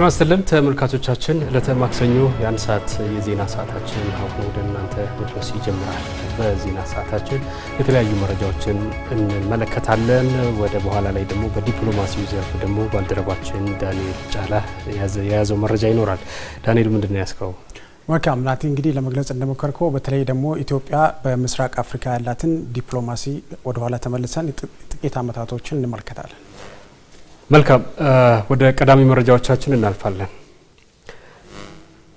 ጤና ይስጥልን ተመልካቾቻችን፣ ዕለተ ማክሰኞ የአንድ ሰዓት የዜና ሰዓታችን አሁን ወደ እናንተ መድረስ ይጀምራል። በዜና ሰዓታችን የተለያዩ መረጃዎችን እንመለከታለን። ወደ በኋላ ላይ ደግሞ በዲፕሎማሲው ዘርፍ ደግሞ ባልደረባችን ዳንኤል ጫላ የያዘው መረጃ ይኖራል። ዳንኤል ምንድን ነው ያስከው? መልካም ናቲ፣ እንግዲህ ለመግለጽ እንደሞከርከው በተለይ ደግሞ ኢትዮጵያ በምስራቅ አፍሪካ ያላትን ዲፕሎማሲ ወደኋላ ተመልሰን ጥቂት አመታቶችን እንመለከታለን። መልካም ወደ ቀዳሚ መረጃዎቻችን እናልፋለን።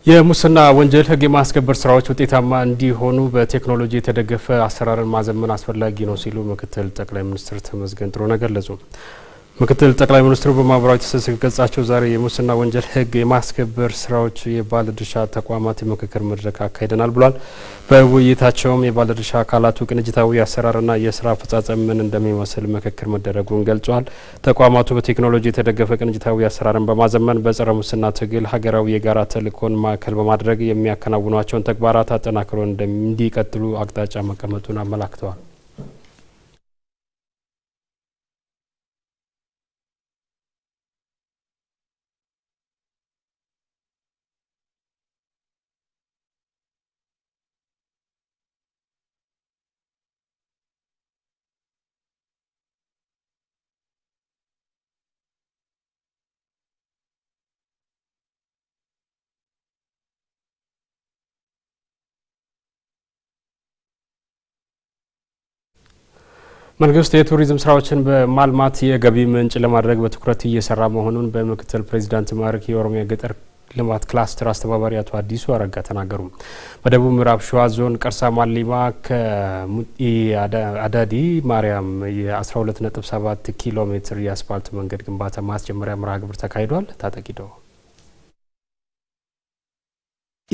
የሙስና ወንጀል ህግ የማስከበር ስራዎች ውጤታማ እንዲሆኑ በቴክኖሎጂ የተደገፈ አሰራርን ማዘመን አስፈላጊ ነው ሲሉ ምክትል ጠቅላይ ሚኒስትር ተመስገን ጥሩነህ ገለጹ። ምክትል ጠቅላይ ሚኒስትሩ በማህበራዊ ትስስር ገጻቸው ዛሬ የሙስና ወንጀል ህግ የማስከበር ስራዎች የባለድርሻ ተቋማት የምክክር መድረክ አካሂደናል ብሏል። በውይይታቸውም የባለድርሻ አካላቱ ቅንጅታዊ አሰራርና የስራ አፈጻጸም ምን እንደሚመስል ምክክር መደረጉን ገልጿል። ተቋማቱ በቴክኖሎጂ የተደገፈ ቅንጅታዊ አሰራርን በማዘመን በጸረ ሙስና ትግል ሀገራዊ የጋራ ተልዕኮን ማዕከል በማድረግ የሚያከናውኗቸውን ተግባራት አጠናክሮ እንዲቀጥሉ አቅጣጫ መቀመጡን አመላክተዋል። መንግስት የቱሪዝም ስራዎችን በማልማት የገቢ ምንጭ ለማድረግ በትኩረት እየሰራ መሆኑን በምክትል ፕሬዚዳንት ማዕረግ የኦሮሚያ ገጠር ልማት ክላስተር አስተባባሪ አቶ አዲሱ አረጋ ተናገሩ። በደቡብ ምዕራብ ሸዋ ዞን ቀርሳ ማሊማ አዳዲ ማርያም የ12.7 ኪሎ ሜትር የአስፋልት መንገድ ግንባታ ማስጀመሪያ መርሃ ግብር ተካሂዷል። ታጠቂደው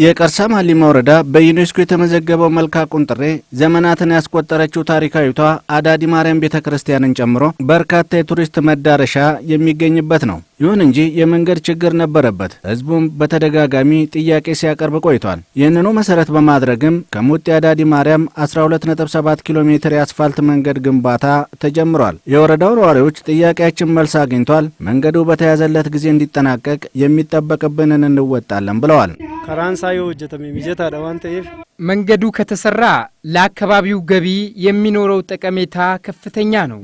የቀርሳ ማሊማ ወረዳ በዩኔስኮ የተመዘገበው መልካ ቁንጥሬ ዘመናትን ያስቆጠረችው ታሪካዊቷ አዳዲ ማርያም ቤተ ክርስቲያንን ጨምሮ በርካታ የቱሪስት መዳረሻ የሚገኝበት ነው። ይሁን እንጂ የመንገድ ችግር ነበረበት። ህዝቡም በተደጋጋሚ ጥያቄ ሲያቀርብ ቆይቷል። ይህንኑ መሰረት በማድረግም ከሙጤ አዳዲ ማርያም 127 ኪሎ ሜትር የአስፋልት መንገድ ግንባታ ተጀምሯል። የወረዳው ነዋሪዎች ጥያቄያችን መልስ አግኝቷል፣ መንገዱ በተያዘለት ጊዜ እንዲጠናቀቅ የሚጠበቅብንን እንወጣለን ብለዋል። ከራንሳዮ መንገዱ ከተሰራ ለአካባቢው ገቢ የሚኖረው ጠቀሜታ ከፍተኛ ነው።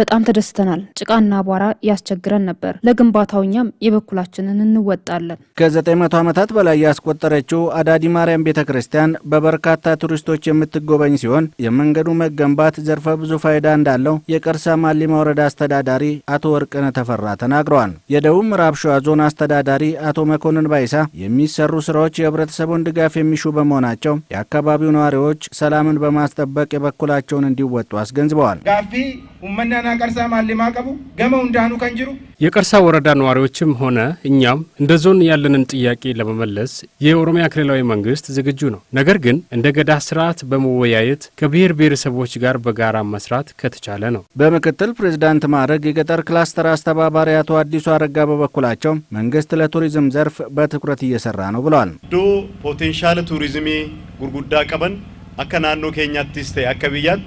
በጣም ተደስተናል። ጭቃና አቧራ ያስቸግረን ነበር። ለግንባታው እኛም የበኩላችንን እንወጣለን። ከ900 ዓመታት በላይ ያስቆጠረችው አዳዲ ማርያም ቤተ ክርስቲያን በበርካታ ቱሪስቶች የምትጎበኝ ሲሆን የመንገዱ መገንባት ዘርፈ ብዙ ፋይዳ እንዳለው የቀርሳ ማሊማ ወረዳ አስተዳዳሪ አቶ ወርቅነ ተፈራ ተናግረዋል። የደቡብ ምዕራብ ሸዋ ዞን አስተዳዳሪ አቶ መኮንን ባይሳ የሚሰሩ ስራዎች የህብረተሰቡን ድጋፍ የሚሹ በመሆናቸው የአካባቢው ነዋሪዎች ሰላምን በማስጠበቅ የበኩላቸውን እንዲወጡ አስገንዝበዋል። ኡመናና ቀርሳ ማሌማ ቀቡ ገመው እንዳኑ ከንጅሩ የቀርሳ ወረዳ ነዋሪዎችም ሆነ እኛም እንደ ዞን ያለንን ጥያቄ ለመመለስ የኦሮሚያ ክልላዊ መንግስት ዝግጁ ነው። ነገር ግን እንደ ገዳ ስርዓት በመወያየት ከብሔር ብሔረሰቦች ጋር በጋራ መስራት ከተቻለ ነው። በምክትል ፕሬዝዳንት ማዕረግ የገጠር ክላስተር አስተባባሪ አቶ አዲሱ አረጋ በበኩላቸው መንግስት ለቱሪዝም ዘርፍ በትኩረት እየሰራ ነው ብለዋል። ዶ ፖቴንሻል ቱሪዝሜ ጉርጉዳ ቀበን አከናኖ ኬኛትስ አከብያት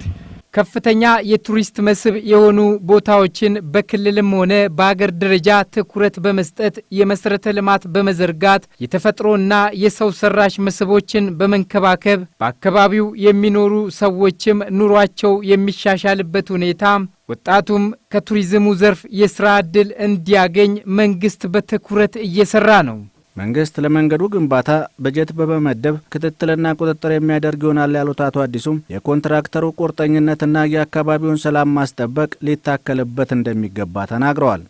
ከፍተኛ የቱሪስት መስህብ የሆኑ ቦታዎችን በክልልም ሆነ በአገር ደረጃ ትኩረት በመስጠት የመሰረተ ልማት በመዘርጋት የተፈጥሮና የሰው ሰራሽ መስህቦችን በመንከባከብ በአካባቢው የሚኖሩ ሰዎችም ኑሯቸው የሚሻሻልበት ሁኔታ ወጣቱም ከቱሪዝሙ ዘርፍ የስራ ዕድል እንዲያገኝ መንግስት በትኩረት እየሰራ ነው። መንግስት ለመንገዱ ግንባታ በጀት በመመደብ ክትትልና ቁጥጥር የሚያደርግ ይሆናል ያሉት አቶ አዲሱም የኮንትራክተሩ ቁርጠኝነትና የአካባቢውን ሰላም ማስጠበቅ ሊታከልበት እንደሚገባ ተናግረዋል።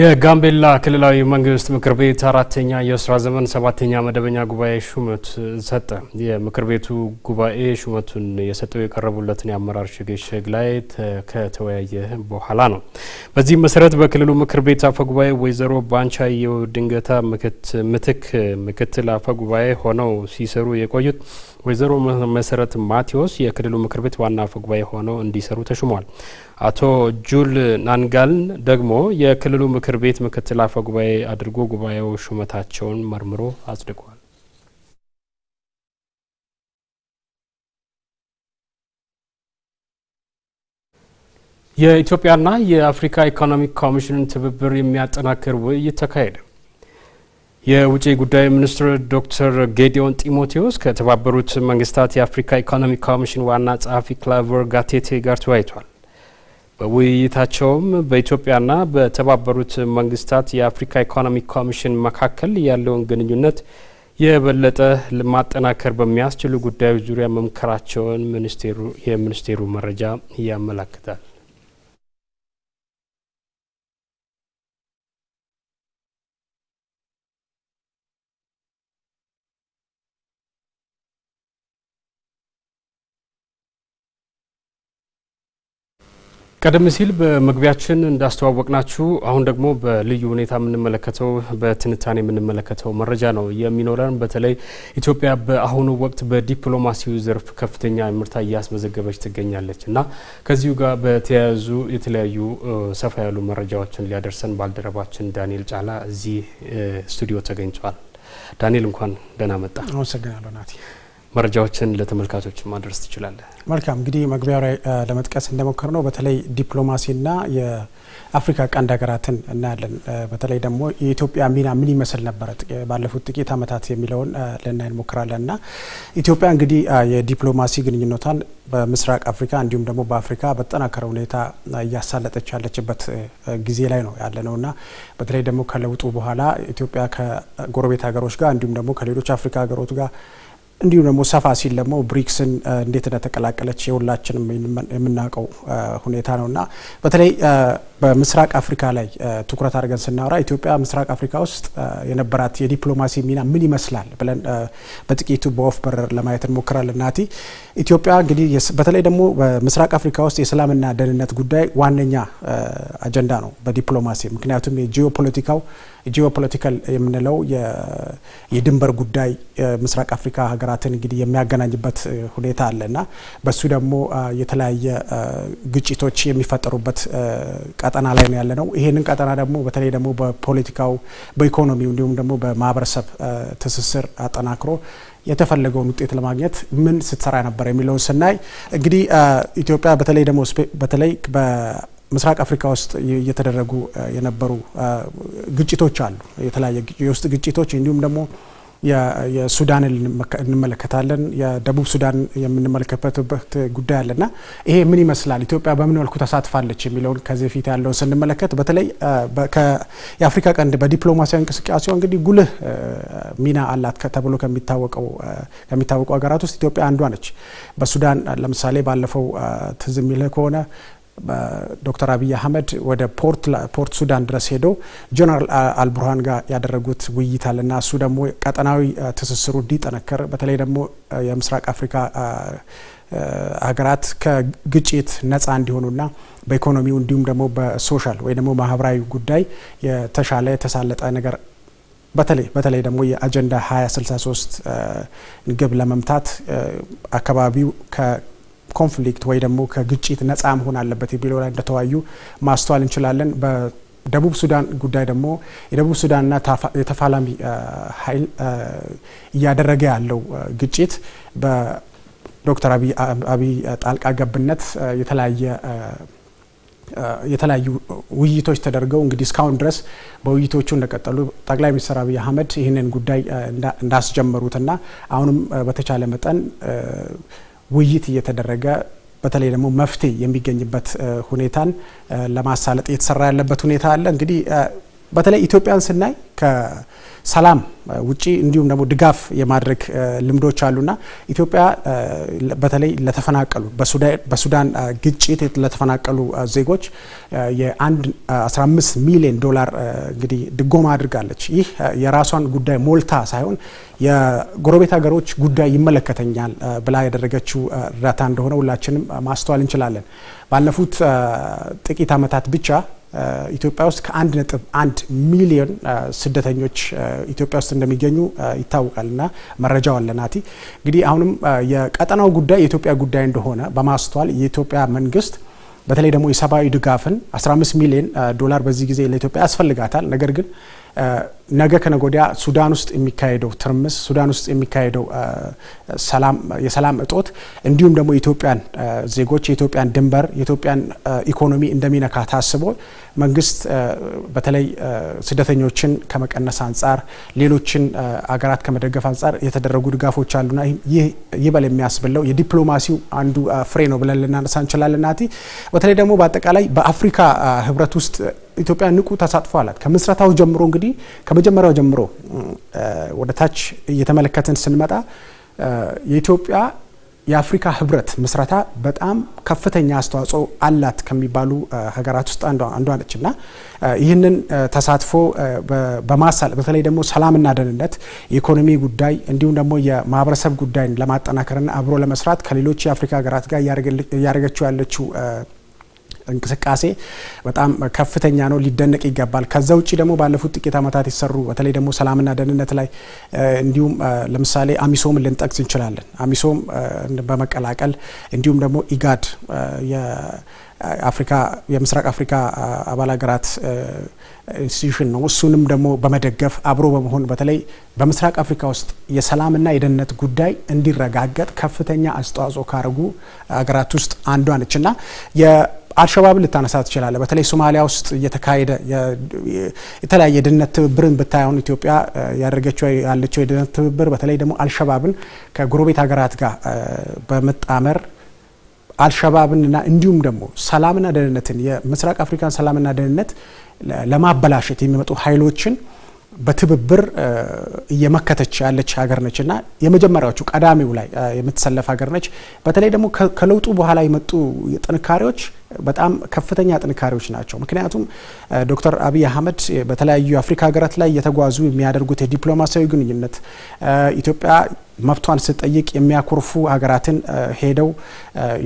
የጋምቤላ ክልላዊ መንግስት ምክር ቤት አራተኛ የስራ ዘመን ሰባተኛ መደበኛ ጉባኤ ሹመት ሰጠ። የምክር ቤቱ ጉባኤ ሹመቱን የሰጠው የቀረቡለትን የአመራር ሽግሽግ ላይ ከተወያየ በኋላ ነው። በዚህም መሰረት በክልሉ ምክር ቤት አፈ ጉባኤ ወይዘሮ ባንቻየሁ ድንገታ ምትክ ምክትል አፈ ጉባኤ ሆነው ሲሰሩ የቆዩት ወይዘሮ መሰረት ማቴዎስ የክልሉ ምክር ቤት ዋና አፈ ጉባኤ ሆነው እንዲሰሩ ተሹሟል። አቶ ጁል ናንጋልን ደግሞ የክልሉ ምክር ቤት ምክትል አፈ ጉባኤ አድርጎ ጉባኤው ሹመታቸውን መርምሮ አጽድቋል። የኢትዮጵያና የአፍሪካ ኢኮኖሚክ ኮሚሽንን ትብብር የሚያጠናክር ውይይት ተካሄደ። የውጭ ጉዳይ ሚኒስትር ዶክተር ጌዲዮን ጢሞቴዎስ ከተባበሩት መንግስታት የአፍሪካ ኢኮኖሚ ኮሚሽን ዋና ጸሐፊ ክላቨር ጋቴቴ ጋር ተወያይቷል። በውይይታቸውም በኢትዮጵያና በተባበሩት መንግስታት የአፍሪካ ኢኮኖሚ ኮሚሽን መካከል ያለውን ግንኙነት የበለጠ ለማጠናከር በሚያስችሉ ጉዳዮች ዙሪያ መምከራቸውን የሚኒስቴሩ መረጃ ያመለክታል። ቀደም ሲል በመግቢያችን እንዳስተዋወቅናችሁ አሁን ደግሞ በልዩ ሁኔታ የምንመለከተው በትንታኔ የምንመለከተው መረጃ ነው የሚኖረን። በተለይ ኢትዮጵያ በአሁኑ ወቅት በዲፕሎማሲው ዘርፍ ከፍተኛ ምርታ እያስመዘገበች ትገኛለች እና ከዚሁ ጋር በተያያዙ የተለያዩ ሰፋ ያሉ መረጃዎችን ሊያደርሰን ባልደረባችን ዳንኤል ጫላ እዚህ ስቱዲዮ ተገኝቷል። ዳንኤል እንኳን ደህና መጣ። አመሰግናለሁ ናቴ። መረጃዎችን ለተመልካቾች ማድረስ ትችላለህ? መልካም እንግዲህ መግቢያው ላይ ለመጥቀስ እንደሞከር ነው በተለይ ዲፕሎማሲና የአፍሪካ ቀንድ ሀገራትን እናያለን። በተለይ ደግሞ የኢትዮጵያ ሚና ምን ይመስል ነበረ ባለፉት ጥቂት ዓመታት የሚለውን ልናይ እንሞክራለን እና ኢትዮጵያ እንግዲህ የዲፕሎማሲ ግንኙነቷን በምስራቅ አፍሪካ እንዲሁም ደግሞ በአፍሪካ በጠናከረ ሁኔታ እያሳለጠች ያለችበት ጊዜ ላይ ነው ያለ ነው እና በተለይ ደግሞ ከለውጡ በኋላ ኢትዮጵያ ከጎረቤት ሀገሮች ጋር እንዲሁም ደግሞ ከሌሎች አፍሪካ ሀገሮች ጋር እንዲሁም ደግሞ ሰፋ ሲል ደግሞ ብሪክስን እንዴት እንደተቀላቀለች የሁላችን የምናውቀው ሁኔታ ነው እና በተለይ በምስራቅ አፍሪካ ላይ ትኩረት አድርገን ስናወራ ኢትዮጵያ ምስራቅ አፍሪካ ውስጥ የነበራት የዲፕሎማሲ ሚና ምን ይመስላል ብለን በጥቂቱ በወፍ በረር ለማየት እንሞክራለን። እናቲ ኢትዮጵያ እንግዲህ በተለይ ደግሞ በምስራቅ አፍሪካ ውስጥ የሰላምና ደህንነት ጉዳይ ዋነኛ አጀንዳ ነው በዲፕሎማሲ ምክንያቱም የጂኦፖለቲካው ጂኦፖለቲካል የምንለው የድንበር ጉዳይ ምስራቅ አፍሪካ ሀገራትን እንግዲህ የሚያገናኝበት ሁኔታ አለና በሱ ደግሞ የተለያየ ግጭቶች የሚፈጠሩበት ቀጠና ላይ ነው ያለ ነው። ይህንን ቀጠና ደግሞ በተለይ ደግሞ በፖለቲካው፣ በኢኮኖሚው እንዲሁም ደግሞ በማህበረሰብ ትስስር አጠናክሮ የተፈለገውን ውጤት ለማግኘት ምን ስትሰራ ነበር የሚለውን ስናይ እንግዲህ ኢትዮጵያ በተለይ ደግሞ በተለይ በምስራቅ አፍሪካ ውስጥ እየተደረጉ የነበሩ ግጭቶች አሉ። የተለያየ የውስጥ ግጭቶች እንዲሁም ደግሞ የሱዳንን እንመለከታለን፣ የደቡብ ሱዳን የምንመለከትበት ጉዳይ አለና ይሄ ምን ይመስላል፣ ኢትዮጵያ በምን መልኩ ተሳትፋለች የሚለውን ከዚህ በፊት ያለውን ስንመለከት በተለይ የአፍሪካ ቀንድ በዲፕሎማሲያዊ እንቅስቃሴው እንግዲህ ጉልህ ሚና አላት ተብሎ ከሚታወቁ ሀገራት ውስጥ ኢትዮጵያ አንዷ ነች። በሱዳን ለምሳሌ ባለፈው ትዝ የሚልህ ከሆነ ዶክተር አብይ አህመድ ወደ ፖርት ሱዳን ድረስ ሄዶ ጀነራል አልቡርሃን ጋር ያደረጉት ውይይት አለ እና እሱ ደግሞ ቀጠናዊ ትስስሩ እንዲጠነከር በተለይ ደግሞ የምስራቅ አፍሪካ ሀገራት ከግጭት ነጻ እንዲሆኑና በኢኮኖሚው እንዲሁም ደግሞ በሶሻል ወይ ደግሞ ማህበራዊ ጉዳይ የተሻለ የተሳለጠ ነገር በተለይ በተለይ ደግሞ የአጀንዳ 2063 ግብ ለመምታት አካባቢው ኮንፍሊክት ወይ ደግሞ ከግጭት ነጻ መሆን አለበት የሚለው ላይ እንደተወያዩ ማስተዋል እንችላለን። በደቡብ ሱዳን ጉዳይ ደግሞ የደቡብ ሱዳንና የተፋላሚ ኃይል እያደረገ ያለው ግጭት በዶክተር አብይ ጣልቃ ገብነት የተለያየ የተለያዩ ውይይቶች ተደርገው እንግዲህ እስካሁን ድረስ በውይይቶቹ እንደቀጠሉ ጠቅላይ ሚኒስትር አብይ አህመድ ይህንን ጉዳይ እንዳስጀመሩትና አሁንም በተቻለ መጠን ውይይት እየተደረገ በተለይ ደግሞ መፍትሄ የሚገኝበት ሁኔታን ለማሳለጥ እየተሰራ ያለበት ሁኔታ አለ። እንግዲህ በተለይ ኢትዮጵያን ስናይ ሰላም ውጪ እንዲሁም ደግሞ ድጋፍ የማድረግ ልምዶች አሉና ኢትዮጵያ በተለይ ለተፈናቀሉ በሱዳን ግጭት ለተፈናቀሉ ዜጎች የ15 ሚሊዮን ዶላር እንግዲህ ድጎማ አድርጋለች። ይህ የራሷን ጉዳይ ሞልታ ሳይሆን የጎረቤት ሀገሮች ጉዳይ ይመለከተኛል ብላ ያደረገችው እርዳታ እንደሆነ ሁላችንም ማስተዋል እንችላለን። ባለፉት ጥቂት ዓመታት ብቻ Uh, ኢትዮጵያ ውስጥ ከአንድ ነጥብ አንድ ሚሊዮን uh, ስደተኞች uh, ኢትዮጵያ ውስጥ እንደሚገኙ ይታወቃል እና መረጃው አለ ናቲ። እንግዲህ አሁንም የቀጠናው ጉዳይ የኢትዮጵያ ጉዳይ እንደሆነ በማስተዋል የኢትዮጵያ መንግስት በተለይ ደግሞ የሰብአዊ ድጋፍን 15 ሚሊዮን ዶላር በዚህ ጊዜ ለኢትዮጵያ ያስፈልጋታል ነገር ግን ነገ ከነጎዲያ ሱዳን ውስጥ የሚካሄደው ትርምስ፣ ሱዳን ውስጥ የሚካሄደው የሰላም እጦት እንዲሁም ደግሞ የኢትዮጵያን ዜጎች የኢትዮጵያን ድንበር የኢትዮጵያን ኢኮኖሚ እንደሚነካ ታስቦ መንግስት በተለይ ስደተኞችን ከመቀነስ አንጻር ሌሎችን አገራት ከመደገፍ አንጻር የተደረጉ ድጋፎች አሉና ይህ ይበል የሚያስብለው የዲፕሎማሲው አንዱ ፍሬ ነው ብለን ልናነሳ እንችላለን። ናቲ በተለይ ደግሞ በአጠቃላይ በአፍሪካ ህብረት ውስጥ ኢትዮጵያ ንቁ ተሳትፎ አላት ከምስረታው ጀምሮ እንግዲህ ከመጀመሪያው ጀምሮ ወደ ታች እየተመለከትን ስንመጣ የኢትዮጵያ የአፍሪካ ህብረት ምስረታ በጣም ከፍተኛ አስተዋጽኦ አላት ከሚባሉ ሀገራት ውስጥ አንዷ ነች እና ይህንን ተሳትፎ በማሳል በተለይ ደግሞ ሰላምና ደህንነት፣ የኢኮኖሚ ጉዳይ እንዲሁም ደግሞ የማህበረሰብ ጉዳይን ለማጠናከርና አብሮ ለመስራት ከሌሎች የአፍሪካ ሀገራት ጋር እያደረገችው ያለችው እንቅስቃሴ በጣም ከፍተኛ ነው፣ ሊደነቅ ይገባል። ከዛ ውጭ ደግሞ ባለፉት ጥቂት ዓመታት ይሰሩ በተለይ ደግሞ ሰላምና ደህንነት ላይ እንዲሁም ለምሳሌ አሚሶም ልንጠቅስ እንችላለን። አሚሶም በመቀላቀል እንዲሁም ደግሞ ኢጋድ አፍሪካ የምስራቅ አፍሪካ አባል ሀገራት ኢንስቲትዩሽን ነው። እሱንም ደግሞ በመደገፍ አብሮ በመሆን በተለይ በምስራቅ አፍሪካ ውስጥ የሰላምና የደህንነት ጉዳይ እንዲረጋገጥ ከፍተኛ አስተዋጽኦ ካደረጉ ሀገራት ውስጥ አንዷ ነች እና አልሸባብን ልታነሳ ትችላለ። በተለይ ሶማሊያ ውስጥ እየተካሄደ የተለያየ የደህንነት ትብብርን ብታይ ኢትዮጵያ ያደረገችው ያለችው የደህንነት ትብብር በተለይ ደግሞ አልሸባብን ከጎረቤት ሀገራት ጋር በመጣመር አልሸባብንና እንዲሁም ደግሞ ሰላምና ደህንነትን የምስራቅ አፍሪካን ሰላምና ደህንነት ለማበላሸት የሚመጡ ኃይሎችን በትብብር እየመከተች ያለች ሀገር ነች እና የመጀመሪያዎቹ ቀዳሚው ላይ የምትሰለፍ ሀገር ነች። በተለይ ደግሞ ከለውጡ በኋላ የመጡ ጥንካሬዎች በጣም ከፍተኛ ጥንካሬዎች ናቸው። ምክንያቱም ዶክተር አብይ አህመድ በተለያዩ የአፍሪካ ሀገራት ላይ እየተጓዙ የሚያደርጉት የዲፕሎማሲያዊ ግንኙነት ኢትዮጵያ መብቷን ስጠይቅ የሚያኮርፉ ሀገራትን ሄደው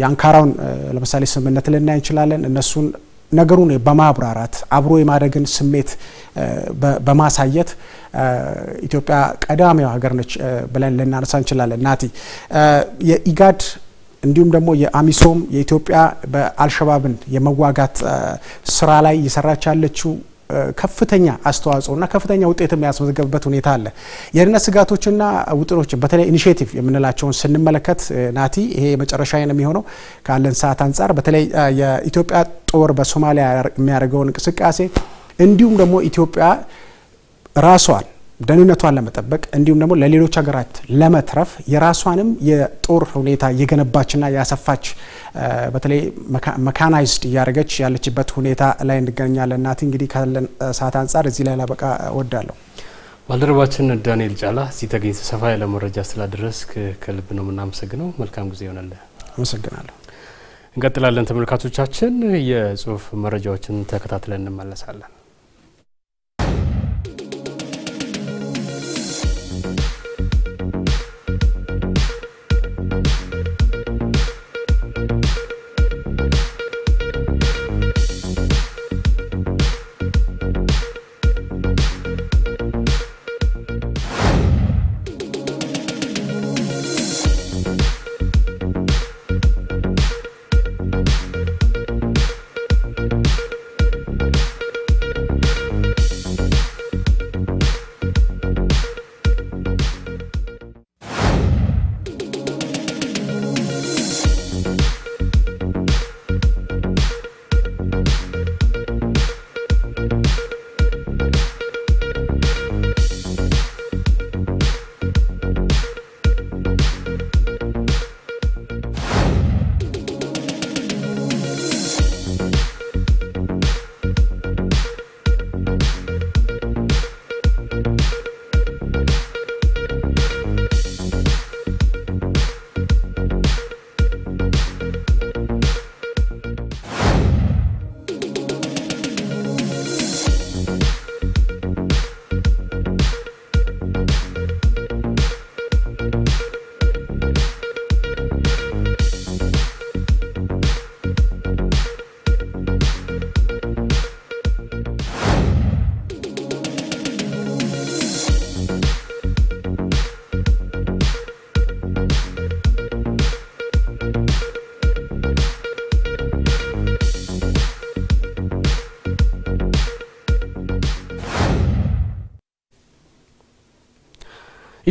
የአንካራውን ለምሳሌ ስምምነት ልናይ እንችላለን እነሱን ነገሩን በማብራራት አብሮ የማደግን ስሜት በማሳየት ኢትዮጵያ ቀዳሚው ሀገር ነች ብለን ልናነሳ እንችላለን። ናቲ የኢጋድ እንዲሁም ደግሞ የአሚሶም የኢትዮጵያ በአልሸባብን የመዋጋት ስራ ላይ እየሰራች ያለችው ከፍተኛ አስተዋጽኦና ከፍተኛ ውጤት የሚያስመዘገብበት ሁኔታ አለ። የደህንነት ስጋቶችና ውጥኖችን በተለይ ኢኒሽቲቭ የምንላቸውን ስንመለከት ናቲ፣ ይሄ የመጨረሻ ነው የሚሆነው ካለን ሰዓት አንጻር በተለይ የኢትዮጵያ ጦር በሶማሊያ የሚያደርገውን እንቅስቃሴ እንዲሁም ደግሞ ኢትዮጵያ ራሷን ደህንነቷን ለመጠበቅ እንዲሁም ደግሞ ለሌሎች ሀገራት ለመትረፍ የራሷንም የጦር ሁኔታ የገነባችና ያሰፋች በተለይ መካናይዝድ እያደረገች ያለችበት ሁኔታ ላይ እንገኛለን። ናቲ እንግዲህ ካለን ሰዓት አንጻር እዚህ ላይ ላበቃ ወዳለሁ። ባልደረባችን ዳንኤል ጫላ እዚህ ተገኝተ ሰፋ ያለ መረጃ ስላደረስክ ከልብ ነው የምናመሰግነው። መልካም ጊዜ ይሆናል። አመሰግናለሁ። እንቀጥላለን። ተመልካቾቻችን የጽሁፍ መረጃዎችን ተከታትለን እንመለሳለን።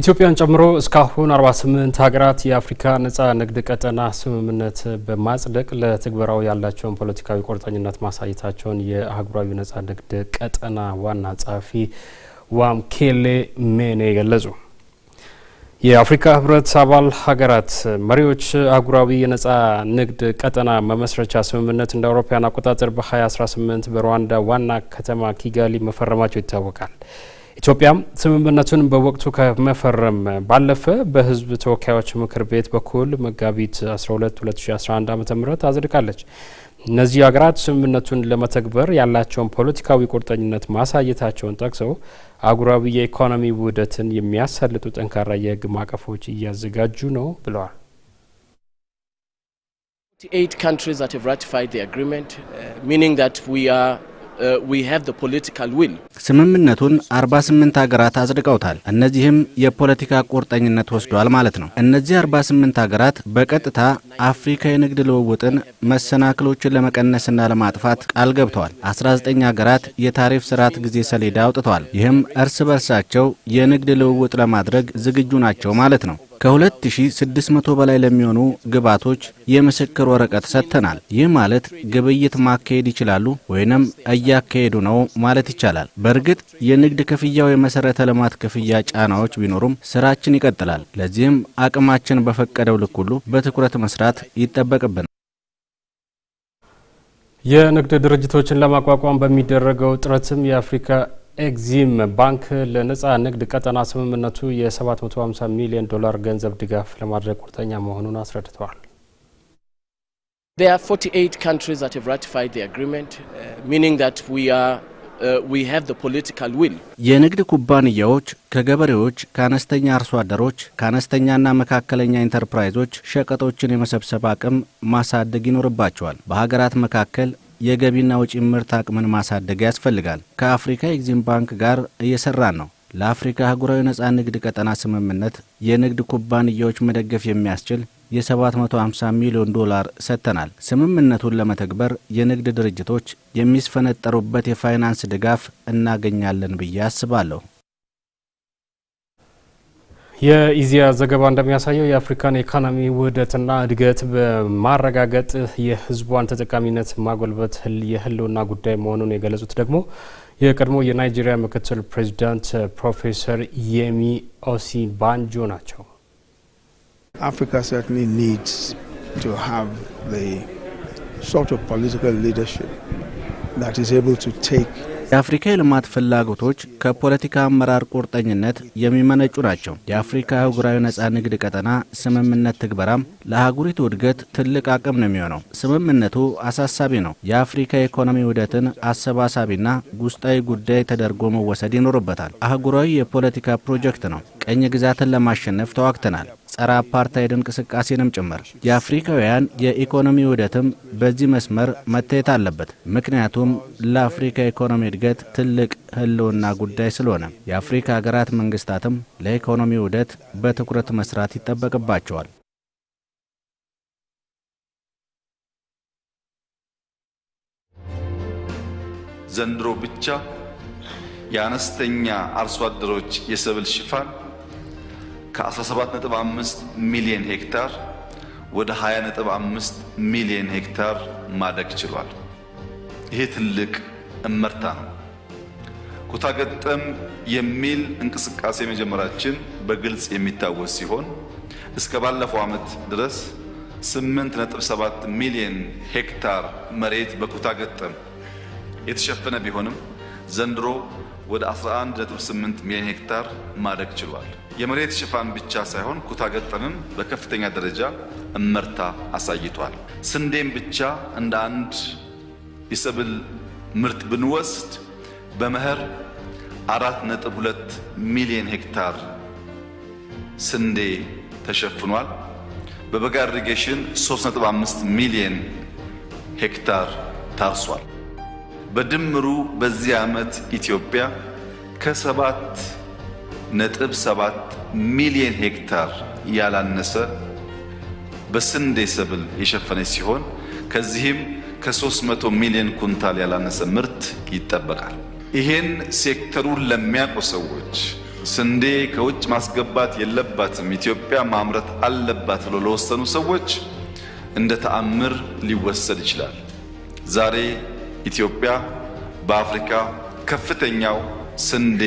ኢትዮጵያን ጨምሮ እስካሁን 48 ሀገራት የአፍሪካ ነጻ ንግድ ቀጠና ስምምነት በማጽደቅ ለትግበራው ያላቸውን ፖለቲካዊ ቁርጠኝነት ማሳየታቸውን የአህጉራዊ ነጻ ንግድ ቀጠና ዋና ጸሐፊ ዋምኬሌ ሜኔ ገለጹ። የአፍሪካ ህብረት አባል ሀገራት መሪዎች አህጉራዊ የነጻ ንግድ ቀጠና መመስረቻ ስምምነት እንደ አውሮፓውያን አቆጣጠር በ2018 በሩዋንዳ ዋና ከተማ ኪጋሊ መፈረማቸው ይታወቃል። ኢትዮጵያም ስምምነቱን በወቅቱ ከመፈረም ባለፈ በህዝብ ተወካዮች ምክር ቤት በኩል መጋቢት 12 2011 ዓ ም አጽድቃለች። እነዚህ ሀገራት ስምምነቱን ለመተግበር ያላቸውን ፖለቲካዊ ቁርጠኝነት ማሳየታቸውን ጠቅሰው አህጉራዊ የኢኮኖሚ ውህደትን የሚያሳልጡ ጠንካራ የህግ ማዕቀፎች እያዘጋጁ ነው ብለዋል። eight countries that have ratified the agreement uh, meaning that Uh, ስምምነቱን 48 ሀገራት አጽድቀውታል። እነዚህም የፖለቲካ ቁርጠኝነት ወስዷል ማለት ነው። እነዚህ 48 ሀገራት በቀጥታ አፍሪካ የንግድ ልውውጥን መሰናክሎችን ለመቀነስና ለማጥፋት ቃል ገብተዋል። 19 ሀገራት የታሪፍ ስርዓት ጊዜ ሰሌዳ አውጥተዋል። ይህም እርስ በርሳቸው የንግድ ልውውጥ ለማድረግ ዝግጁ ናቸው ማለት ነው። ከ2600 በላይ ለሚሆኑ ግብዓቶች የምስክር ወረቀት ሰጥተናል። ይህ ማለት ግብይት ማካሄድ ይችላሉ ወይንም እያካሄዱ ነው ማለት ይቻላል። በእርግጥ የንግድ ክፍያው የመሰረተ ልማት ክፍያ ጫናዎች ቢኖሩም ስራችን ይቀጥላል። ለዚህም አቅማችን በፈቀደው ልክ ሁሉ በትኩረት መስራት ይጠበቅብናል። የንግድ ድርጅቶችን ለማቋቋም በሚደረገው ጥረትም የአፍሪካ ኤግዚም ባንክ ለነጻ ንግድ ቀጠና ስምምነቱ የ750 ሚሊዮን ዶላር ገንዘብ ድጋፍ ለማድረግ ቁርጠኛ መሆኑን አስረድተዋል። የንግድ ኩባንያዎች ከገበሬዎች፣ ከአነስተኛ አርሶ አደሮች፣ ከአነስተኛና መካከለኛ ኢንተርፕራይዞች ሸቀጦችን የመሰብሰብ አቅም ማሳደግ ይኖርባቸዋል። በሀገራት መካከል የገቢና ወጪ ምርት አቅምን ማሳደግ ያስፈልጋል። ከአፍሪካ ኤግዚም ባንክ ጋር እየሰራን ነው። ለአፍሪካ አህጉራዊ ነጻ ንግድ ቀጠና ስምምነት የንግድ ኩባንያዎች መደገፍ የሚያስችል የ750 ሚሊዮን ዶላር ሰጥተናል። ስምምነቱን ለመተግበር የንግድ ድርጅቶች የሚስፈነጠሩበት የፋይናንስ ድጋፍ እናገኛለን ብዬ አስባለሁ። የኢዜአ ዘገባ እንደሚያሳየው የአፍሪካን የኢኮኖሚ ውህደትና እድገት በማረጋገጥ የህዝቧን ተጠቃሚነት ማጎልበት የህልውና ጉዳይ መሆኑን የገለጹት ደግሞ የቀድሞ የናይጄሪያ ምክትል ፕሬዚዳንት ፕሮፌሰር የሚ ኦሲ ባንጆ ናቸው። አፍሪካ የአፍሪካ የልማት ፍላጎቶች ከፖለቲካ አመራር ቁርጠኝነት የሚመነጩ ናቸው። የአፍሪካ አህጉራዊ ነፃ ንግድ ቀጠና ስምምነት ትግበራም ለአህጉሪቱ እድገት ትልቅ አቅም ነው የሚሆነው። ስምምነቱ አሳሳቢ ነው። የአፍሪካ የኢኮኖሚ ውህደትን አሰባሳቢና ውስጣዊ ጉዳይ ተደርጎ መወሰድ ይኖርበታል። አህጉራዊ የፖለቲካ ፕሮጀክት ነው። ቀኝ ግዛትን ለማሸነፍ ተዋግተናል። ጸረ አፓርታይድ እንቅስቃሴንም ጭምር። የአፍሪካውያን የኢኮኖሚ ውህደትም በዚህ መስመር መታየት አለበት። ምክንያቱም ለአፍሪካ ኢኮኖሚ እድገት ትልቅ ህልውና ጉዳይ ስለሆነ የአፍሪካ ሀገራት መንግስታትም ለኢኮኖሚ ውህደት በትኩረት መስራት ይጠበቅባቸዋል። ዘንድሮ ብቻ የአነስተኛ አርሶ አደሮች የሰብል ሽፋን ከ17.5 ሚሊዮን ሄክታር ወደ 20.5 ሚሊዮን ሄክታር ማደግ ችሏል። ይሄ ትልቅ እመርታ ነው። ኩታ ገጠም የሚል እንቅስቃሴ መጀመራችን በግልጽ የሚታወስ ሲሆን እስከ ባለፈው ዓመት ድረስ 8.7 ሚሊዮን ሄክታር መሬት በኩታ ገጠም የተሸፈነ ቢሆንም ዘንድሮ ወደ 11.8 ሚሊዮን ሄክታር ማደግ ችሏል። የመሬት ሽፋን ብቻ ሳይሆን ኩታገጠንም በከፍተኛ ደረጃ እመርታ አሳይቷል። ስንዴም ብቻ እንደ አንድ የሰብል ምርት ብንወስድ በመኸር 4.2 ሚሊዮን ሄክታር ስንዴ ተሸፍኗል። በበጋ ኢሪጌሽን 3.5 ሚሊዮን ሄክታር ታርሷል። በድምሩ በዚህ ዓመት ኢትዮጵያ ከሰባት ነጥብ ሰባት ሚሊዮን ሄክታር ያላነሰ በስንዴ ሰብል የሸፈነች ሲሆን ከዚህም ከ300 ሚሊዮን ኩንታል ያላነሰ ምርት ይጠበቃል። ይሄን ሴክተሩን ለሚያውቁ ሰዎች ስንዴ ከውጭ ማስገባት የለባትም ኢትዮጵያ ማምረት አለባት ብሎ ለወሰኑ ሰዎች እንደ ተአምር ሊወሰድ ይችላል ዛሬ ኢትዮጵያ በአፍሪካ ከፍተኛው ስንዴ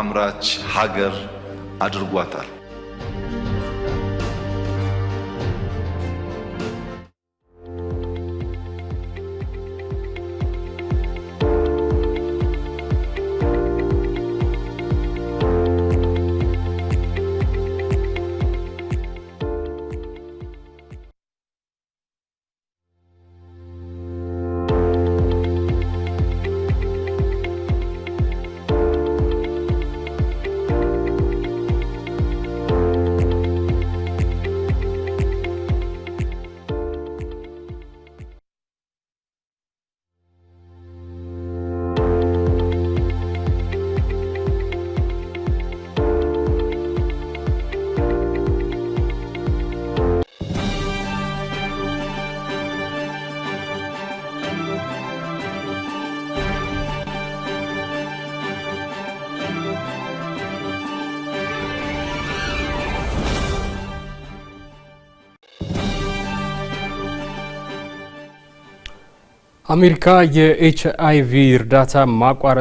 አምራች ሀገር አድርጓታል። አሜሪካ የኤች አይ ቪ እርዳታ ማቋረጥ